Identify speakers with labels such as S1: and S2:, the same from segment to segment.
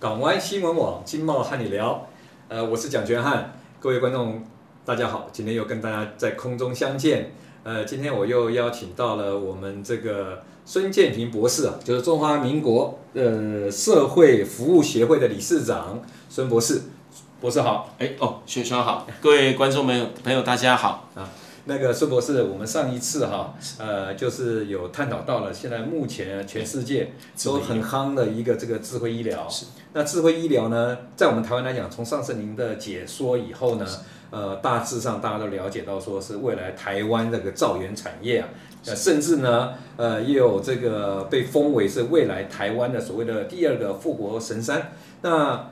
S1: 港灣新聞網經貿瀚你聊，呃，我是蔣權瀚，各位觀眾大家好，今天又跟大家在空中相見，呃，今天我又邀請到了我們這個孫健萍博士啊，就是中華民國呃社會服務協會的理事長孫博士，博士好，哎、欸、哦，雪川好，
S2: 各位觀眾朋友朋友大家好啊。
S1: 那個孫博士，我們上一次哈，呃，就是有探討到了，現在目前全世界都很夯的一個這個智慧醫療。那智慧醫療呢，在我們台灣來講，從上次您的解說以後呢，呃，大致上大家都了解到，說是未來台灣這個兆元產業啊，呃，甚至呢，呃，也有這個被封為是未來台灣的所謂的第二個護國神山。那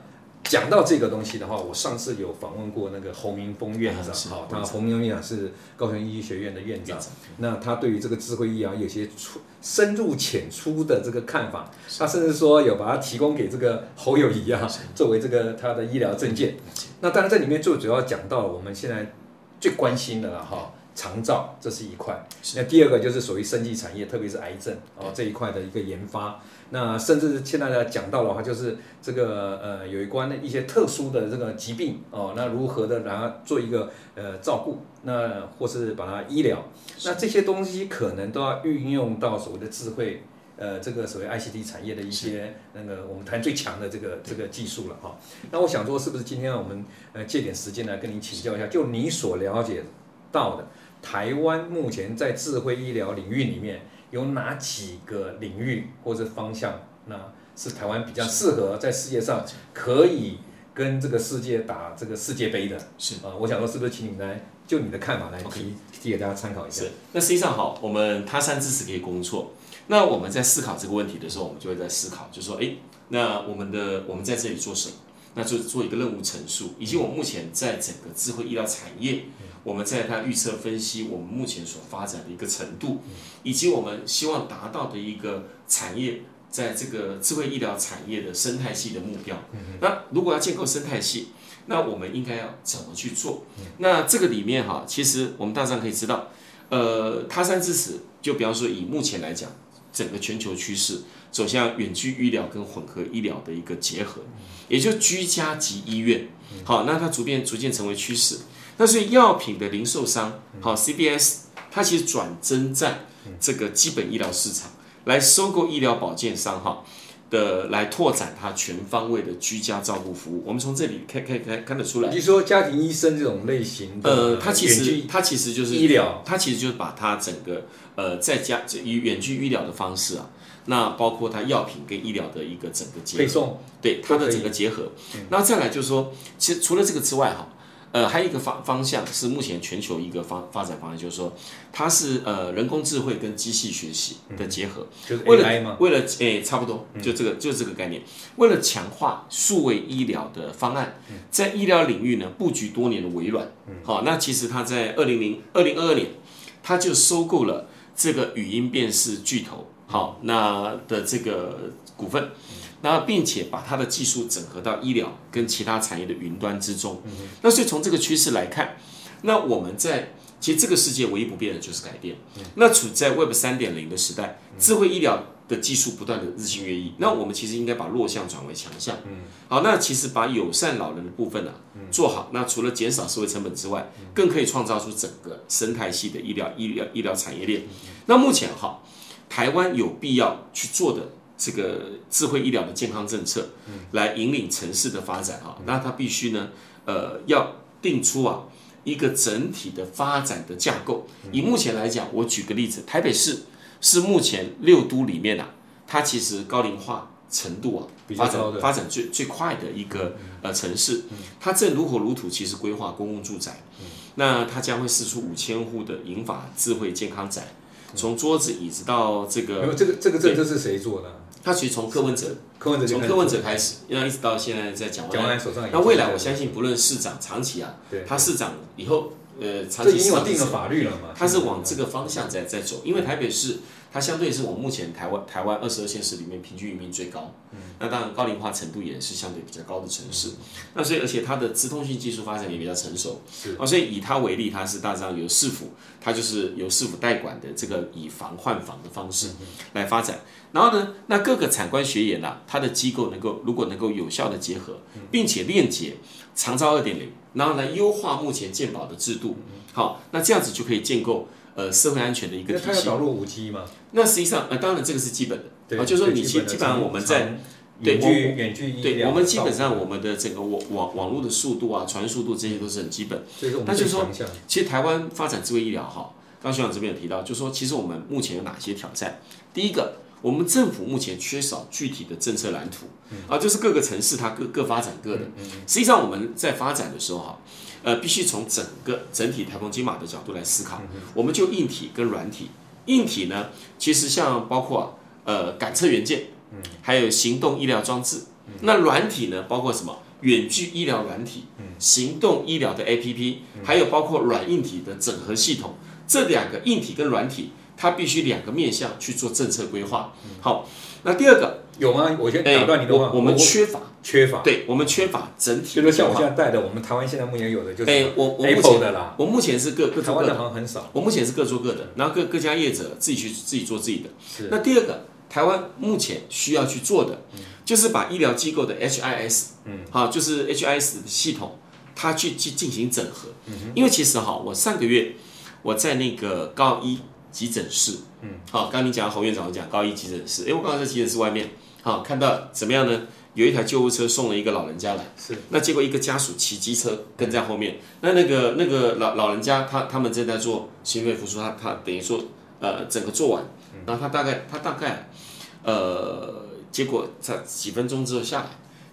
S1: 講到這個東西的話，我上次有訪問過那個侯明鋒院長，哈，他侯明鋒院長是高雄醫學院的院長，院長，那他對於這個智慧醫療、啊、有些出深入淺出的這個看法，是他甚至說有把它提供給這個侯友宜啊，是作為這個他的醫療政見。是那當然在裡面就主要講到我們現在最關心的了哈。長照，這是一塊。那第二個就是屬於生技產業，特別是癌症哦這一塊的一個研發。那甚至現在呢講到的話，就是這個呃，有關的一些特殊的這個疾病哦，那如何的讓它做一個呃照顧，那或是把它醫療，是那這些東西可能都要運用到所謂的智慧，呃，這個所謂 ICT 產業的一些是那個我們談最強的這個這個技術了哈、哦。那我想說，是不是今天我們呃借點時間來跟您請教一下，就你所了解到的？台灣目前在智慧醫療領域裡面有哪幾個領域或者方向？那是台灣比較適合在世界上可以跟這個世界打這個世界杯的。是啊、呃，我想說，是不是請你們
S2: 來就你的看法來 Okay. 提提給大家參考一下？是。那實際上，好，我們他山之石可以攻錯。那我們在思考這個問題的時候，我們就會在思考，就說，哎、欸，那我們的我們在這裡做什麼？那就做一個任務陳述，以及我目前在整個智慧醫療產業，我們在它預測分析我們目前所發展的一個程度，以及我們希望達到的一個產業在這個智慧醫療產業的生態系的目標。那如果要建構生態系，那我們應該要怎麼去做？那這個裡面哈，其實我們大致上可以知道，呃，他山之石，就比方說以目前來講。整個全球趨勢走向遠距醫療跟混合醫療的一個結合，也就居家及醫院。好、嗯哦，那它逐漸逐漸成為趨勢。那所以藥品的零售商，好、哦、CVS，它其實轉戰在這個基本醫療市場，來收購醫療保健商，哈、哦。的來拓展他全方位的居家照顧服務，我們從這裡可以可以可以看得出來。比如
S1: 說家庭醫生這種類型
S2: 的，呃，它其實它其實就是醫療，它其實就是把它整個呃在家以遠距醫療的方式啊，那包括它藥品跟醫療的一個整個結合，對它的整個結合。那再來就是說，其實除了這個之外哈。呃，還有一個方方向是目前全球一個發發展方向，就是說它是呃人工智慧跟機器學習的結合，嗯，就是 AI 嘛？、為了為了誒、欸，差不多、嗯、就這個就這個概念，為了強化數位醫療的方案，嗯、在醫療領域呢佈局多年的微軟，嗯嗯、好，那其實它在二零零二零二二年，它就收購了這個語音辨識巨頭，好那的這個股份。那並且把它的技術整合到醫療跟其他產業的雲端之中。嗯，那所以從這個趨勢來看，那我們在其實這個世界唯一不變的就是改變。嗯、那處在 Web 三點零的時代，嗯、智慧醫療的技術不斷的日新月異，嗯、那我們其實應該把弱項轉為強項。嗯，好，那其實把友善老人的部分呢、啊嗯、做好，那除了減少社會成本之外，嗯、更可以創造出整個生態系的醫療、醫療、醫療產業鏈。嗯、那目前哈、啊，台灣有必要去做的。這個智慧醫療的健康政策，來引領城市的發展啊。那它必須呢，呃，要定出啊一個整體的發展的架構。以目前來講，我舉個例子，台北市是目前六都裡面啊，它其實高齡化程度啊發展發展最最快的一個呃城市。它正如火如荼，其實規劃公共住宅。那它將會釋出五千戶的銀髮智慧健康宅。從桌子椅子到這個，這個這個政策是誰做的？他其實從柯文哲，柯文哲從柯文哲開始，那一直到現在在蔣萬安手上。那未來我相信，不論市長長期啊，他市長以後呃長期，所以定了法律了嘛，他是往這個方向在在走，因為台北市。它相對也是我們目前台灣台灣二十二縣市裡面平均餘命最高，那當然高齡化程度也是相對比較高的城市。那所以而且它的資通訊技術發展也比較成熟是、啊，所以以它為例，它是大張由市府，它就是由市府代管的這個以房換房的方式來發展。然後呢，那各個產官學研啊，它的機構能夠如果能夠有效的結合，並且鏈接長照二點零，然後呢優化目前健保的制度，好，那這樣子就可以建構。呃，社會安全的一個，體系。那要導入五 G 嗎？那實際上，呃，當然這個是基本的啊，就是說你基基本上我們在遠距、遠距醫療，我們基本上我們的整個網網網絡的速度啊，傳輸度這些都是很基本。那就是說，其實台灣發展智慧醫療哈，剛剛學長這邊有提到，就是說其實我們目前有哪些挑戰？第一個，我們政府目前缺少具體的政策藍圖啊，就是各個城市它各各發展各的。實際上我們在發展的時候哈。呃，必須從整個整體台澎金馬的角度來思考。嗯、哼我們就硬體跟軟體，硬體呢，其實像包括、啊、呃，感測元件，嗯、還有行動醫療裝置。嗯、哼那軟體呢，包括什麼？遠距醫療軟體，嗯、行動醫療的 APP，、嗯、哼還有包括軟硬體的整合系統。嗯、哼這兩個硬體跟軟體，它必須兩個面向去做政策規劃。嗯、哼好。那第二個有嗎？我先打斷你的問話、欸我。我們缺乏缺乏，對我們缺乏整體乏。比如說像我現在
S1: 帶的，我們台灣現在目前有的就是、欸、Apple 的啦。我
S2: 目前是各各做各的，台灣的好像很
S1: 少，我目前是
S2: 各做各的，然後各各家業者自己去自己做自己的。是。那第二個，台灣目前需要去做的，嗯、就是把醫療機構的 HIS，嗯，就是 HIS 系統，它去去進行整合。嗯、哼因為其實哈，我上個月我在那個高一。急診室，嗯，好，剛剛你講侯院長講高醫急診室，哎，我剛剛在急診室外面，好看到怎麼樣呢？有一台救護車送了一個老人家來，是，那結果一個家屬騎機車跟在後面，嗯、那那個那個老老人家，他他們正在做心肺復甦，他他等於說呃整個做完，然後他大概他大概呃結果在幾分鐘之後下來，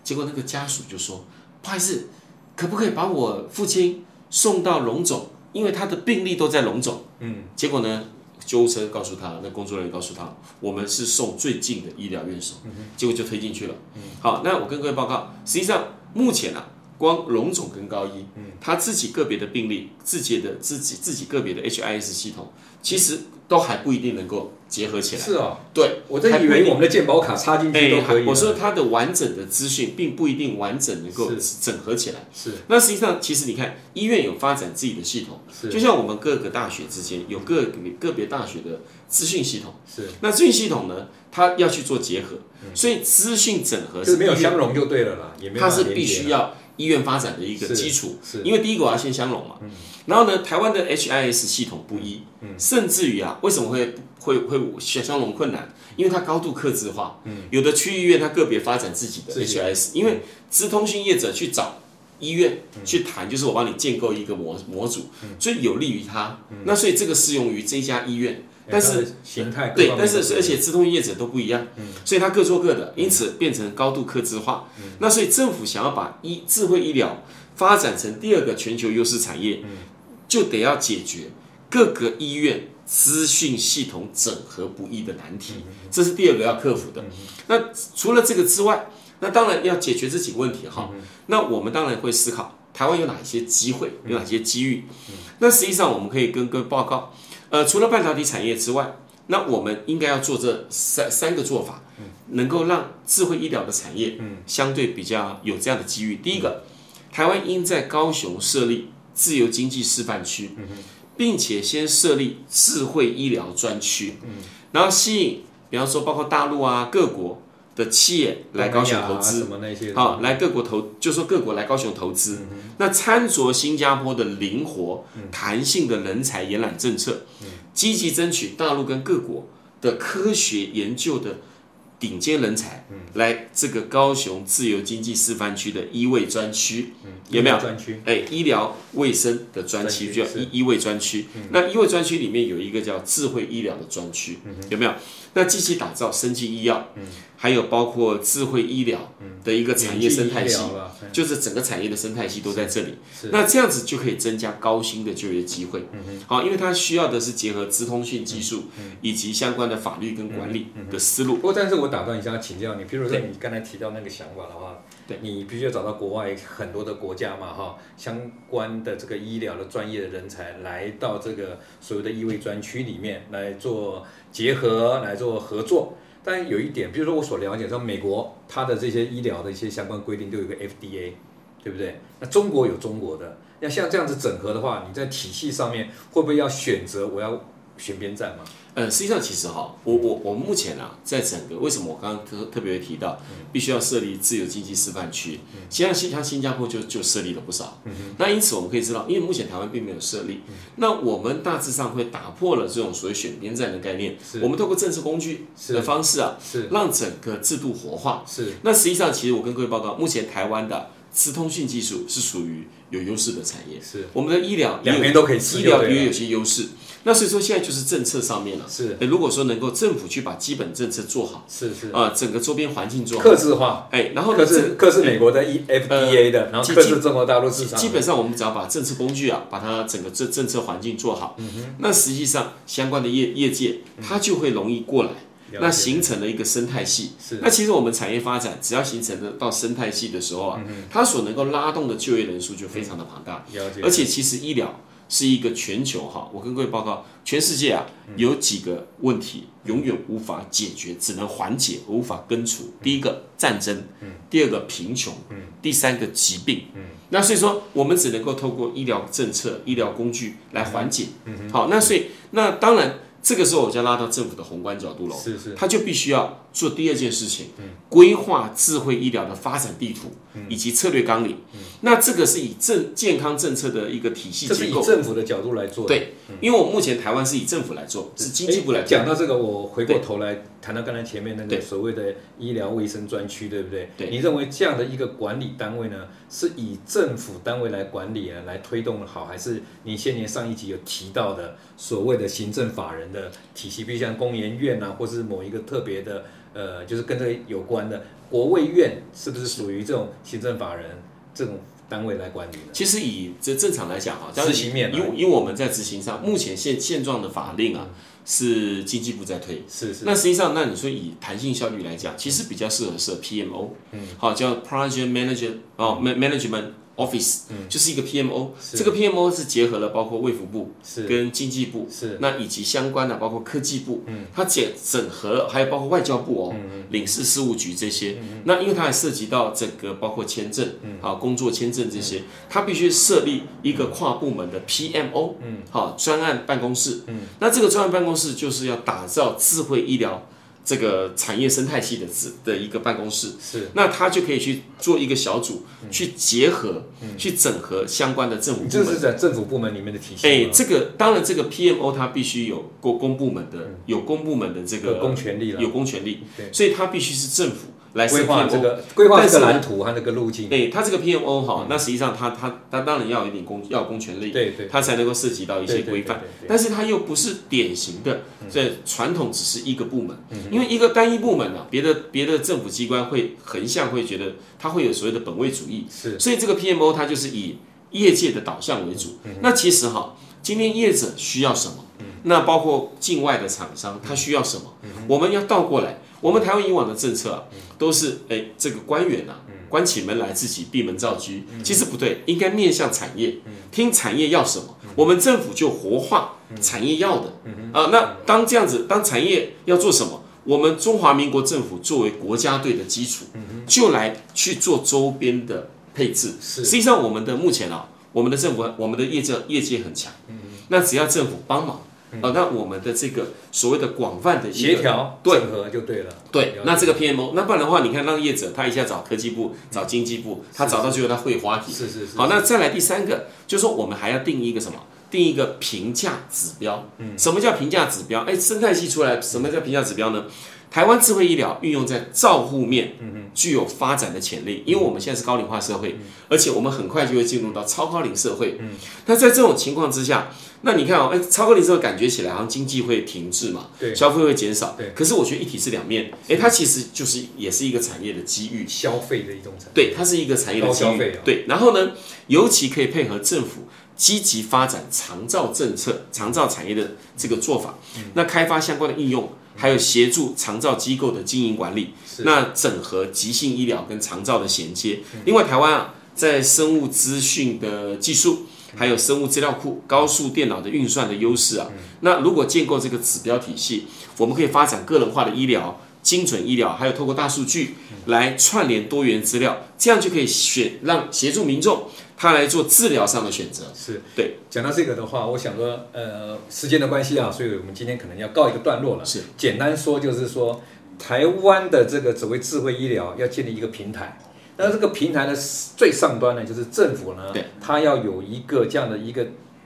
S2: 結果那個家屬就說，不好意思，可不可以把我父親送到龍總？因為他的病歷都在龍總，嗯，結果呢？救護車告訴他，那工作人員告訴他，我們是送最近的醫療院所，嗯、哼結果就推進去了。好，那我跟各位報告，實際上目前啊，光榮總跟高醫，嗯、他自己個別的病例，自己的自己自己個別的 HIS 系統，其實都還不一定能夠。結合起來。是哦，對，我在以為我們的健保卡插進去都可以、欸。我說它的完整的資訊並不一定完整能夠是 整合起來。是，那實際上其實你看，醫院有發展自己的系統，是 就像我們各個大學之間有各個別大學的資訊系統。是，那資訊系統呢，它要去做結合，所以資訊整合是就沒有相容就
S1: 對了啦，也沒有它是必須要。
S2: 醫院發展的一個基礎，是是因為第一個我要先相容嘛。嗯、然後呢，台灣的 HIS 系統不一，嗯、甚至於啊，為什麼會會會相容困難？因為它高度客製化，嗯、有的區域醫院它個別發展自己的 HIS，、嗯、因為資通訊業者去找醫院、嗯、去談，就是我幫你建構一個模模組，所以有利於他。嗯、那所以這個適用於這家醫院。但是，形態各方面，對，但是而且，自動業者都不一樣，嗯、所以它各做各的，因此變成高度客製化。嗯、那所以政府想要把醫智慧醫療發展成第二個全球優勢產業，嗯、就得要解決各個醫院資訊系統整合不易的難題，嗯嗯嗯、這是第二個要克服的。嗯嗯嗯嗯、那除了這個之外，那當然要解決這幾個問題哈。嗯嗯、那我們當然會思考台灣有哪一些機會，嗯、有哪一些機遇。嗯嗯、那實際上我們可以跟各位報告。呃，除了半導體產業之外，那我們應該要做這三三個做法，能夠讓智慧醫療的產業，嗯，相對比較有這樣的機遇。第一個，台灣應在高雄設立自由經濟示範區，並且先設立智慧醫療專區，然後吸引，比方說包括大陸啊，各國。的企業來高雄投資，好，來各國投，就說各國來高雄投資。那參酌新加坡的靈活、彈性的人才延攬政策，積極爭取大陸跟各國的科學研究的頂尖人才來這個高雄自由經濟示範區的醫衛專區，有沒有？哎，醫療衛生的專區叫醫醫衛專區。那醫衛專區裡面有一個叫智慧醫療的專區，有沒有？那積極打造生技醫藥。還有包括智慧醫療的一個產業生態系，就是整個產業的生態系都在這裡。是是 那這樣子就可以增加高薪的就業機會。好，因為它需要的是結合資通訊技術以及相關的法律跟管理的思路、嗯。嗯嗯嗯，不過，但是我打斷一下，請教你，比如說你剛才提到那個想法的話，對
S1: 你必須要找到國外很多的國家嘛，哈，相關的這個醫療的專業的人才來到這個所謂的醫衛專區裡面來做結合，來做合作。但有一點，比如說我所了解，說美國它的這些醫療的一些相關規定都有個 FDA，對不對？那中國有中國的，那像這樣子整合的話，你在體
S2: 系上面會不會要選擇我要？選邊站嗎？呃，實際上其實哈，我我我們目前呢、啊，在整個為什麼我剛剛特特別提到，必須要設立自由經濟示範區。實際上像新加坡就就設立了不少。嗯、哼那因此我們可以知道，因為目前台灣並沒有設立。嗯、哼那我們大致上會打破了這種所謂選邊站的概念。是我們透過政治工具的方式啊，是，是讓整個制度活化。是。那實際上，其實我跟各位報告，目前台灣的資通訊技術是屬於有優勢的產業。是。我們的醫療兩邊都可以醫療也有些優勢。那所以說現在就是政策上面了，是。如果說能夠政府去把基本政策做好，是是啊，整個周邊環境做好。客製化，哎，然後可是美國的 FDA 的，然後中國大陸市場。基本上我們只要把政策工具啊，把它整個政政策環境做好，那實際上相關的業業界，它就會容易過來，那形成了一個生態系。是。那其實我們產業發展只要形成到生態系的時候啊，它所能夠拉動的就業人數就非常的龐大，了解。而且其實醫療。是一個全球哈，我跟各位報告，全世界啊，有幾個問題永遠無法解決，只能緩解，無法根除。第一個戰爭，第二個貧窮，第三個疾病。那所以說，我們只能夠透過醫療政策、醫療工具來緩解。好，那所以那當然。這個時候，我就要拉到政府的宏觀角度了，是是，他就必須要做第二件事情，嗯，規劃智慧醫療的發展地圖以及策略綱領。嗯、那這個是以政健康政策的一個體系結構，這是以政府的角度來做。對，因為我目前台灣是以政府來做，是經濟部來做。講、欸、對 到這個，我回過頭
S1: 來談對 到剛才前面那個所謂的醫療衛生專區，對不對？對，對 你認為這樣的一個管理單位呢？是以政府單位來管理啊，來推動的好，還是你先前上一集有提到的所謂的行政法人的體系，比如像工研院吶、啊，或是某一個特別的呃，就是跟這個有關的國衛院，是不是屬於這種行政法人這種單位來管
S2: 理的？其實以這正常來講啊，執行面呢、啊，因為因為我們在執行上，目前現現狀的法令啊。嗯是經濟部在推，是是，是。那實際上，那你說以彈性效率來講，其實比較適合設 PMO，嗯，嗯，好叫 Project Manager 哦、oh, management。Man Office，嗯，就是一個 PMO。這個 PMO 是結合了包括衛福部跟經濟部，那以及相關的包括科技部，它整整合，還有包括外交部哦領事事務局這些，那因為它還涉及到整個包括簽證，啊工作簽證這些，它必須設立一個跨部門的 PMO，好，專案辦公室，那這個專案辦公室就是要打造智慧醫療。這個產業生態系的子的一個辦公室，是，那他就可以去做一個小組，去結合，去整合相關的政府部門、欸，是在
S1: 政府部門裡面的體系。哎，欸、
S2: 這個當然，這個 PMO 它必須有公部門的，有公部門的這個有公權力，有公權力，所以它必須是政府。來規劃這個規劃這個藍圖和那個路徑，對它這個 PMO 哈，那實際上它它它當然要有點公要公權力，對對，它才能夠涉及到一些規範，但是它又不是典型的，這傳統只是一個部門，因為一個單一部門呢，別的別的政府機關會橫向會覺得它會有所謂的本位主義，是，所以這個 PMO 它就是以業界的導向為主，那其實哈，今天業者需要什麼，那包括境外的廠商它需要什麼，我們要倒過來。我們台灣以往的政策、啊、都是哎、欸、這個官員吶、啊，關起門來自己閉門造車，其實不對，應該面向產業，聽產業要什麼，我們政府就活化產業要的。啊、呃，那當這樣子，當產業要做什麼，我們中華民國政府作為國家隊的基礎，就來去做周邊的配置。是實際上，我們的目前啊，我們的政府，我們的業界業界很強，那只要政府幫忙。嗯、哦，那我們的這個所謂的廣泛的協調整合
S1: 就對了。
S2: 對，那這個 PMO，那不然的話，你看讓業者他一下找科技部、嗯、找經濟部，是是他找到最後他會花題是是是，是。好，那再來第三個，就是說、是、我們還要定一個什麼？定一個評價指標，嗯，什麼叫評價指標？哎，生態系出來，什麼叫評價指標呢？台灣智慧醫療運用在照護面，嗯嗯，具有發展的潛力。因為我們現在是高齡化社會，而且我們很快就會進入到超高齡社會。嗯，那在這種情況之下，那你看哦，哎，超高齡社會感覺起來好像經濟會停滯嘛，對，消費會減少，對。可是我覺得一體是兩面，哎，它其實就是也是一個產業的機遇，消費的一種產，對，它是一個產業的機遇，對。然後呢，尤其可以配合政府。積極發展長照政策、長照產業的這個做法，嗯、那開發相關的應用，還有協助長照機構的經營管理，是那整合急性醫療跟長照的銜接。嗯、另外，台灣啊，在生物資訊的技術，還有生物資料庫、高速電腦的運算的優勢啊，嗯、那如果建構這個指標體系，我們可以發展個人化的醫療、精準醫療，還有透過大數據來串聯多元資料，這樣就可以選讓協助民眾。他來做治療上的選擇，是，對。講到這個的話，
S1: 我想說，呃，時間的關係啊，所以我們今天可能要告一個段落了。是，簡單說就是說，台灣的這個所謂智慧醫療要建立一個平台，那這個平台的最上端呢，就是政府呢，對他它要有一個這樣的一個。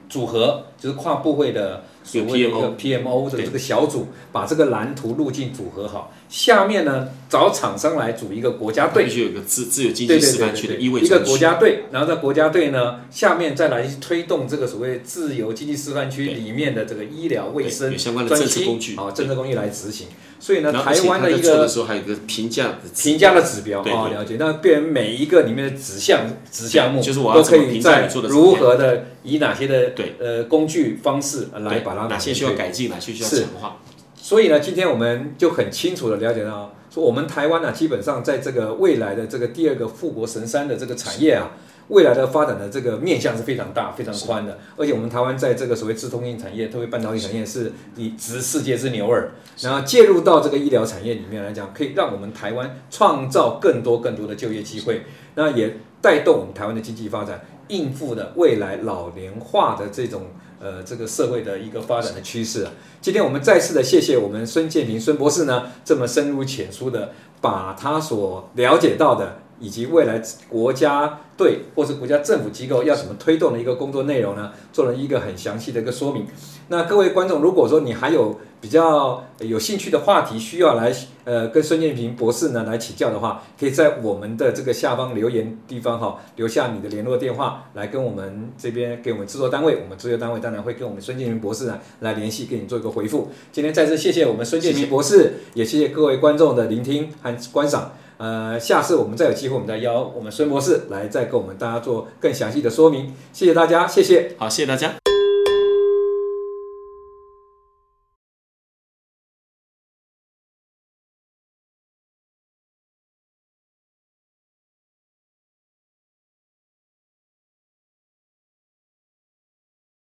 S1: 組合就是跨部會的所謂的一個 PMO 的這個小組，對把這個藍圖路徑組合好。下面呢，找廠商來組一個國家隊，必須有一個自自由經濟示範區的醫衛一個國家隊。然後在國家隊呢，下面再來推動這個所謂自由經濟示範區裡面的這個醫療衛生專、有相關的政策工具啊、哦，政策工具來執行。所以呢，台灣的一個評價評價的指標啊、哦，了解。那變每一個裡面的指向，指就是、子項目，都可以在如何的以哪些的對呃工具方式來把它哪些需要改進，哪些需要強化。所以呢，今天我們就很清楚的了解到，說我們台灣呢、啊，基本上在這個未來的這個第二個護國神山的這個產業啊。未來的發展的這個面向是非常大、非常寬的，而且我們台灣在這個所謂資通訊產業、特別半導體產業是已執世界之牛耳。然後介入到這個醫療產業裡面來講，可以讓我們台灣創造更多更多的就業機會，那也帶動我們台灣的經濟發展，應付的未來老年化的這種呃這個社會的一個發展的趨勢、啊。今天我們再次的謝謝我們孫健萍孫博士呢，這麼深入淺出的把他所了解到的。以及未來國家隊或是國家政府機構要怎麼推動的一個工作內容呢？做了一個很詳細的一個說明。那各位觀眾，如果說你還有比較有興趣的話題需要來呃跟孫健萍博士呢來請教的話，可以在我們的這個下方留言地方哈、哦，留下你的聯絡電話，來跟我們這邊給我們製作單位，我們製作單位當然會跟我們孫健萍博士呢來聯繫，給你做一個回復。今天再次謝謝我們孫健萍博士，謝謝也謝謝各位觀眾的聆聽和觀賞。呃，下次我們再有機會，我們再邀我們孫博士來，再給我們大家做更詳細的說明。謝謝大家，謝謝。好，謝謝大家。